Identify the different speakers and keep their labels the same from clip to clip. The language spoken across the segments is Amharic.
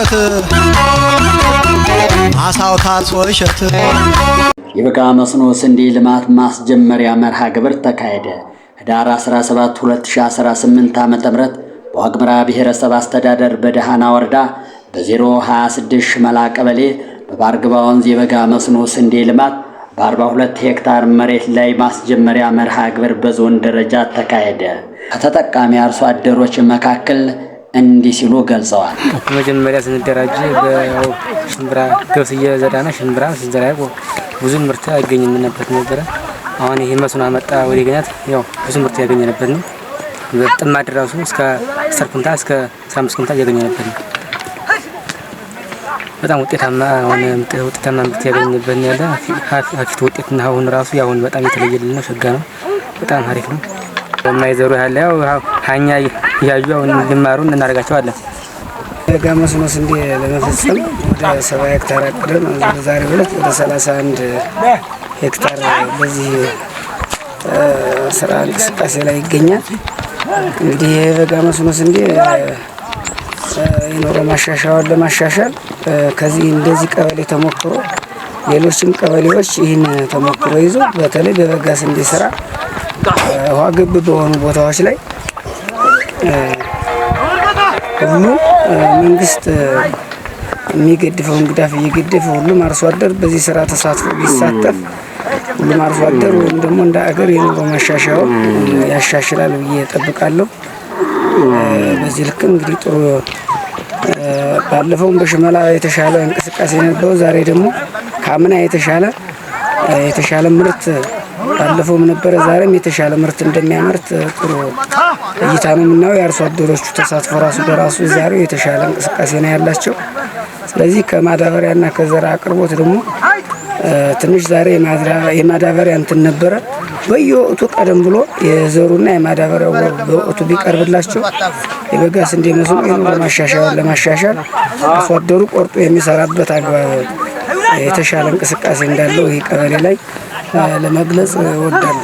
Speaker 1: ውሸት አሳውታት እሸት የበጋ መስኖ ስንዴ ልማት ማስጀመሪያ መርሃ ግብር ተካሄደ። ህዳር 17 2018 ዓ.ም በዋግምራ ብሔረሰብ አስተዳደር በደሃና ወረዳ በ026 ሽመላ ቀበሌ በባርግባ ወንዝ የበጋ መስኖ ስንዴ ልማት በ42 ሄክታር መሬት ላይ ማስጀመሪያ መርሃ ግብር በዞን ደረጃ ተካሄደ። ከተጠቃሚ አርሶ አደሮች መካከል እንዲህ ሲሉ ገልጸዋል።
Speaker 2: መጀመሪያ ስንደራጅ በሽንብራ ገብስ እየዘራነ ሽንብራ ስንዘራ ብዙ ምርት አይገኝምነበት ነበረ። አሁን ይህ መስኖ አመጣ ወደ ገኛት ያው ብዙ ምርት ያገኘንበት ነው። ጥማድ ራሱ እስከ 10 ኩንታ እስከ 15 አምስት ኩንታ እያገኘንበት ነው። በጣም ውጤታማ ሆነ ውጤታማ ምርት ያገኘንበት ያለ ፊት ውጤትና አሁን ራሱ ያሁን በጣም የተለየልን ነው። ሸጋ ነው። በጣም አሪፍ ነው። የማይዘሩ ያለ ያው ሀኛ እያዩ አሁን እንዲማሩ እናደርጋቸዋለን።
Speaker 3: ደጋማ መስኖ ስንዴ ለመፈጸም ወደ ሰባ ሄክታር አቅደን በዛሬው ዕለት ወደ ሰላሳ አንድ ሄክታር በዚህ ስራ እንቅስቃሴ ላይ ይገኛል። እንግዲህ የበጋ መስኖ ስንዴ የኑሮ ማሻሻያውን ለማሻሻል ከዚህ እንደዚህ ቀበሌ ተሞክሮ ሌሎችም ቀበሌዎች ይህን ተሞክሮ ይዞ በተለይ በበጋ ስንዴ ስራ ውሃ ገብ በሆኑ ቦታዎች ላይ ሁሉ መንግስት የሚገድፈውን ግዳፍ እየገደፈ ሁሉም አርሶ አደር በዚህ ስራ ተሳትፎ ቢሳተፍ ሁሉም አርሶ አደር ወይም ደግሞ እንደ አገር የኑሮ መሻሻያውን ያሻሽላል ብዬ ጠብቃለሁ። በዚህ ልክ እንግዲህ ጥሩ ባለፈውም በሽመላ የተሻለ እንቅስቃሴ ነበረው። ዛሬ ደግሞ ከአምና የተሻለ የተሻለ ምርት ባለፈውም ነበረ፣ ዛሬም የተሻለ ምርት እንደሚያመርት ጥሩ እይታ ነው የምናየው። የአርሶ አደሮቹ ተሳትፎ ራሱ በራሱ ዛሬው የተሻለ እንቅስቃሴ ነው ያላቸው። ስለዚህ ከማዳበሪያና ከዘራ አቅርቦት ደግሞ ትንሽ ዛሬ የማዳበሪያ እንትን ነበረ። በየወቅቱ ቀደም ብሎ የዘሩና የማዳበሪያው በወቅቱ ቢቀርብላቸው የበጋ ስንዴ መስኖ ለማሻሻል ለማሻሻል አርሶ አደሩ ቆርጦ የሚሰራበት አግባብ የተሻለ እንቅስቃሴ እንዳለው ይህ ቀበሌ ላይ ለመግለጽ እወዳለሁ።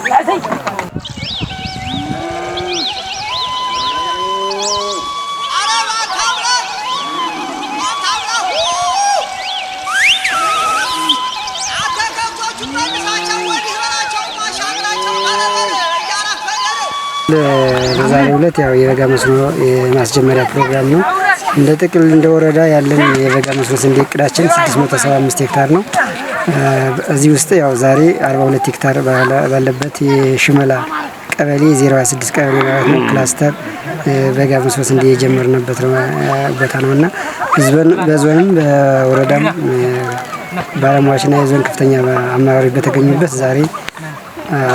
Speaker 3: በዛሬው ዕለት ያው የበጋ መስኖ የማስጀመሪያ ፕሮግራም ነው። እንደ ጥቅል እንደ ወረዳ ያለን የበጋ መስኖ ስንዴ እቅዳችን 675 ሄክታር ነው። እዚህ ውስጥ ያው ዛሬ 42 ሄክታር ባለበት የሽመላ ቀበሌ 026 ቀበሌ ማለት ነው ክላስተር በጋ መስኖ ስንዴ የጀመርንበት ቦታ ነው እና በዞንም በወረዳም ባለሙያዎችና የዞን ከፍተኛ አመራሮች በተገኙበት ዛሬ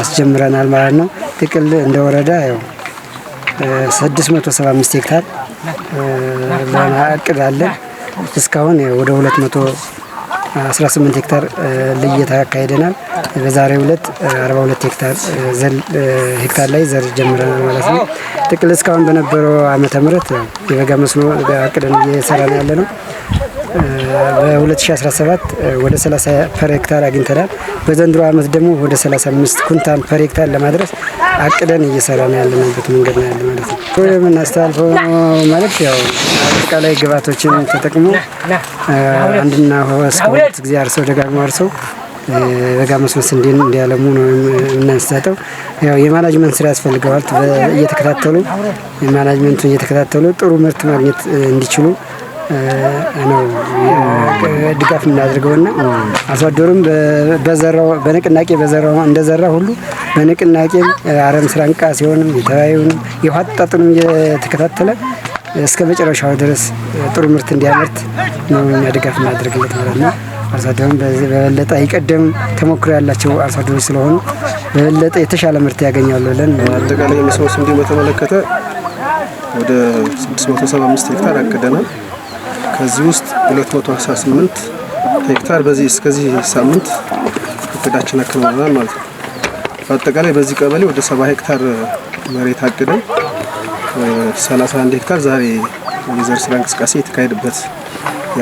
Speaker 3: አስጀምረናል ማለት ነው። ጥቅል እንደ ወረዳ ያው 675 ሄክታር እቅድ አለ። እስካሁን ወደ 218 ሄክታር ልየታ አካሂደናል። በዛሬው ዕለት 42 ሄክታር ሄክታር ላይ ዘር ጀምረናል ማለት ነው። ጥቅል እስካሁን በነበረው ዓመተ ምህረት የበጋ መስኖ አቅደን እየሰራን ያለ ነው። በ2017 ወደ 30 ፐር ሄክታር አግኝተናል። በዘንድሮ ዓመት ደግሞ ወደ 35 ኩንታል ፐር ሄክታር ለማድረስ አቅደን እየሰራን ያለንበት መንገድ ነው ያለ ማለት ነው። የምናስተላልፈው ማለት ያው አጠቃላይ ግብዓቶችን ተጠቅሞ አንድና ሁለት ጊዜ አርሰው ደጋግሞ አርሰው በጋ መስኖ ስንዴን እንዲያለሙ ነው የምናንስታጠው። ያው የማናጅመንት ስራ ያስፈልገዋል። እየተከታተሉ ማናጅመንቱን እየተከታተሉ ጥሩ ምርት ማግኘት እንዲችሉ ነው ድጋፍ የምናደርገውና አርሶ አደሩም በዘራው በንቅናቄ በዘራው እንደዘራ ሁሉ በንቅናቄ አረም ስራ እንቅስቃሴውንም የተለያዩን የውሃ አጣጡንም እየተከታተለ እስከ መጨረሻው ድረስ ጥሩ ምርት እንዲያመርት ነው እኛ ድጋፍ እናደርግለት ማለት ነው። አርሶ አደሩም በበለጠ አይቀደም ተሞክሮ ያላቸው አርሶ አደሮች ስለሆኑ በበለጠ የተሻለ ምርት ያገኛሉ ብለን
Speaker 4: አጠቃላይ የመስኖ ስንዴ በተመለከተ ወደ 675 ሄክታር አቅደናል። ከዚህ ውስጥ 218 ሄክታር በዚህ እስከዚህ ሳምንት እቅዳችን አከናውነናል ማለት ነው። በአጠቃላይ በዚህ ቀበሌ ወደ 70 ሄክታር መሬት አቅደን 31 ሄክታር ዛሬ የዘር ስራ እንቅስቃሴ የተካሄደበት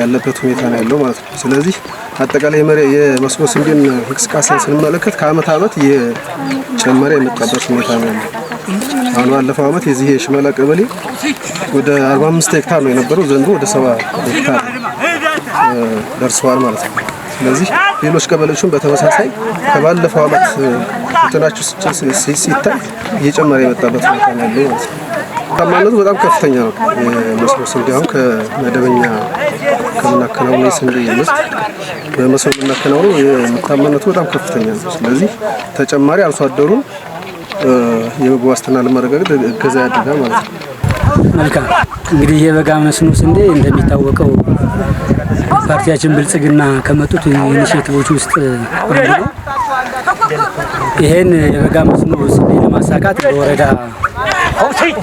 Speaker 4: ያለበት ሁኔታ ነው ያለው ማለት ነው። ስለዚህ አጠቃላይ የመስኖ ስንዴን እንቅስቃሴ ስንመለከት ከአመት አመት እየጨመረ የመጣበት ሁኔታ ነው ያለው። አሁን ባለፈው አመት የዚህ የሽመላ ቀበሌ ወደ 45 ሄክታር ነው የነበረው፣ ዘንድሮ ወደ 70 ሄክታር ደርሷል ማለት ነው። ስለዚህ ሌሎች ቀበሌዎችም በተመሳሳይ ከባለፈው ዓመት እንትናቸው ሲታይ እየጨመረ የመጣበት ሁኔታ ነው ያለው ማለት ነው። ታማነቱ በጣም ከፍተኛ ነው። የመስኖ ስንዴ አሁን ከመደበኛ ከምናከናውነው ስንዴ ምርት በመስኖ የምናከናውነው የምርታማነቱ በጣም ከፍተኛ ነው። ስለዚህ ተጨማሪ አርሶ አደሩን የምግብ ዋስትና ለማረጋገጥ እገዛ ያደርጋል ማለት ነው።
Speaker 5: መልካም እንግዲህ የበጋ መስኖ ስንዴ እንደሚታወቀው ፓርቲያችን ብልጽግና ከመጡት ኢኒሽቲቮች ውስጥ አንዱ ነው። ይሄን የበጋ መስኖ ስንዴ ለማሳካት በወረዳ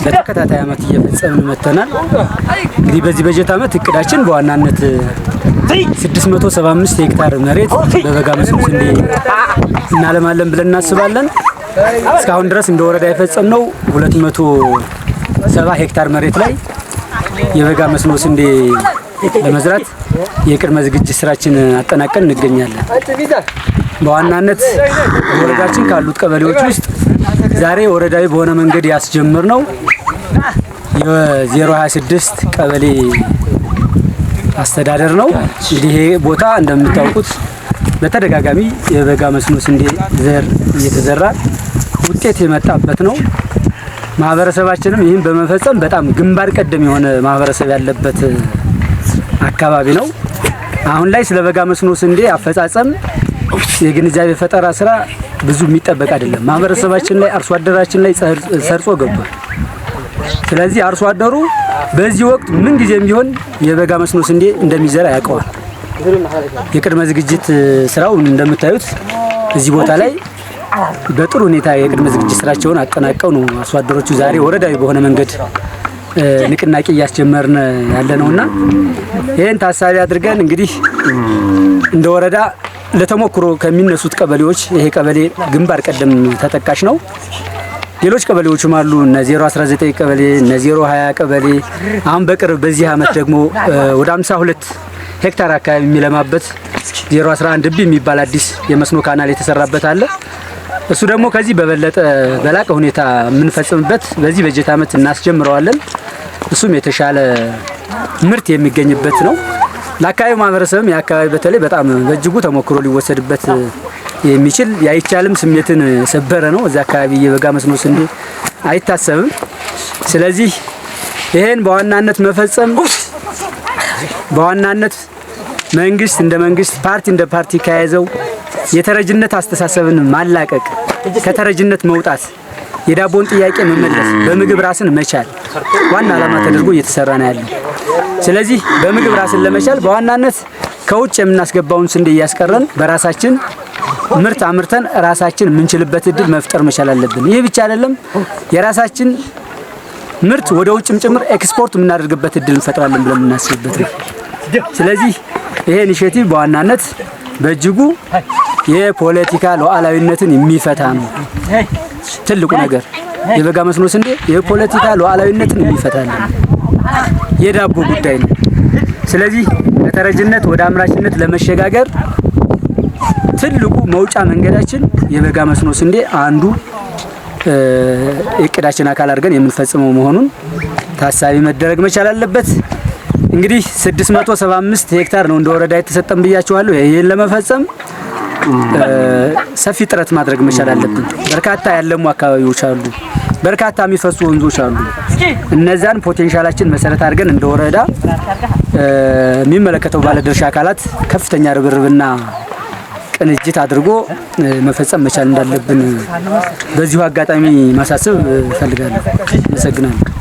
Speaker 5: ለተከታታይ ዓመት እየፈጸምን መጥተናል። እንግዲህ በዚህ በጀት ዓመት እቅዳችን በዋናነት 675 ሄክታር መሬት በበጋ መስኖ ስንዴ እናለማለን ብለን እናስባለን። እስካሁን ድረስ እንደ ወረዳ የፈጸም ነው 270 ሄክታር መሬት ላይ የበጋ መስኖ ስንዴ ለመዝራት የቅድመ ዝግጅት ስራችን አጠናቀን እንገኛለን። በዋናነት ወረዳችን ካሉት ቀበሌዎች ውስጥ ዛሬ ወረዳዊ በሆነ መንገድ ያስጀምር ነው የ026 ቀበሌ አስተዳደር ነው። እንግዲህ ይሄ ቦታ እንደምታውቁት በተደጋጋሚ የበጋ መስኖ ስንዴ ዘር እየተዘራ ውጤት የመጣበት ነው። ማህበረሰባችንም ይህን በመፈጸም በጣም ግንባር ቀደም የሆነ ማህበረሰብ ያለበት አካባቢ ነው። አሁን ላይ ስለ በጋ መስኖ ስንዴ አፈጻጸም የግንዛቤ ፈጠራ ስራ ብዙ የሚጠበቅ አይደለም። ማህበረሰባችን ላይ አርሶ አደራችን ላይ ሰርጾ ገቧል። ስለዚህ አርሶ አደሩ በዚህ ወቅት ምን ጊዜም ቢሆን የበጋ መስኖ ስንዴ እንደሚዘራ ያውቀዋል። የቅድመ ዝግጅት ስራው እንደምታዩት እዚህ ቦታ ላይ በጥሩ ሁኔታ የቅድመ ዝግጅት ስራቸውን አጠናቀው ነው አርሶ አደሮቹ ዛሬ ወረዳዊ በሆነ መንገድ ንቅናቄ እያስጀመርን ያለ እና ይህን ታሳቢ አድርገን እንግዲህ እንደ ወረዳ ለተሞክሮ ከሚነሱት ቀበሌዎች ይሄ ቀበሌ ግንባር ቀደም ተጠቃሽ ነው። ሌሎች ቀበሌዎችም አሉ። እነ 019 ቀበሌ እነ 020 ቀበሌ አሁን በቅርብ በዚህ አመት ደግሞ ወደ 52 ሄክታር አካባቢ የሚለማበት 011 ብ የሚባል አዲስ የመስኖ ካናል የተሰራበት አለ። እሱ ደግሞ ከዚህ በበለጠ በላቀ ሁኔታ የምንፈጽምበት በዚህ በጀት ዓመት እናስጀምረዋለን። እሱም የተሻለ ምርት የሚገኝበት ነው። ለአካባቢው ማህበረሰብም የአካባቢ በተለይ በጣም በእጅጉ ተሞክሮ ሊወሰድበት የሚችል የአይቻልም ስሜትን ሰበረ ነው። እዚ አካባቢ የበጋ መስኖ ስንዴ አይታሰብም። ስለዚህ ይህን በዋናነት መፈጸም በዋናነት መንግስት እንደ መንግስት ፓርቲ እንደ ፓርቲ ከያዘው የተረጅነት አስተሳሰብን ማላቀቅ፣ ከተረጅነት መውጣት፣ የዳቦን ጥያቄ መመለስ፣ በምግብ ራስን መቻል ዋና ዓላማ ተደርጎ እየተሰራ ነው ያለው። ስለዚህ በምግብ ራስን ለመቻል በዋናነት ከውጭ የምናስገባውን ስንዴ እያስቀረን በራሳችን ምርት አምርተን ራሳችን የምንችልበት እድል መፍጠር መቻል አለብን። ይህ ብቻ አይደለም፣ የራሳችን ምርት ወደ ውጭም ጭምር ኤክስፖርት የምናደርግበት እድል እንፈጥራለን ብለን የምናስብበት ነው። ስለዚህ ይሄ ኢኒሽቲቭ በዋናነት በእጅጉ የፖለቲካ ሉዓላዊነትን የሚፈታ ነው። ትልቁ ነገር የበጋ መስኖ ስንዴ የፖለቲካ ሉዓላዊነትን የሚፈታልን የዳቦ ጉዳይ ነው። ስለዚህ ከተረጅነት ወደ አምራችነት ለመሸጋገር ትልቁ መውጫ መንገዳችን የበጋ መስኖ ስንዴ አንዱ እቅዳችን አካል አድርገን የምንፈጽመው መሆኑን ታሳቢ መደረግ መቻል አለበት። እንግዲህ 675 ሄክታር ነው እንደ ወረዳ የተሰጠን ብያችኋለሁ። ይህን ለመፈጸም ሰፊ ጥረት ማድረግ መቻል አለብን። በርካታ ያለሙ አካባቢዎች አሉ፣ በርካታ የሚፈሱ ወንዞች አሉ። እነዛን ፖቴንሻላችን መሰረት አድርገን እንደ ወረዳ የሚመለከተው ባለድርሻ አካላት ከፍተኛ ርብርብና ቅንጅት አድርጎ መፈጸም መቻል እንዳለብን በዚሁ አጋጣሚ ማሳሰብ እፈልጋለሁ። አመሰግናለሁ።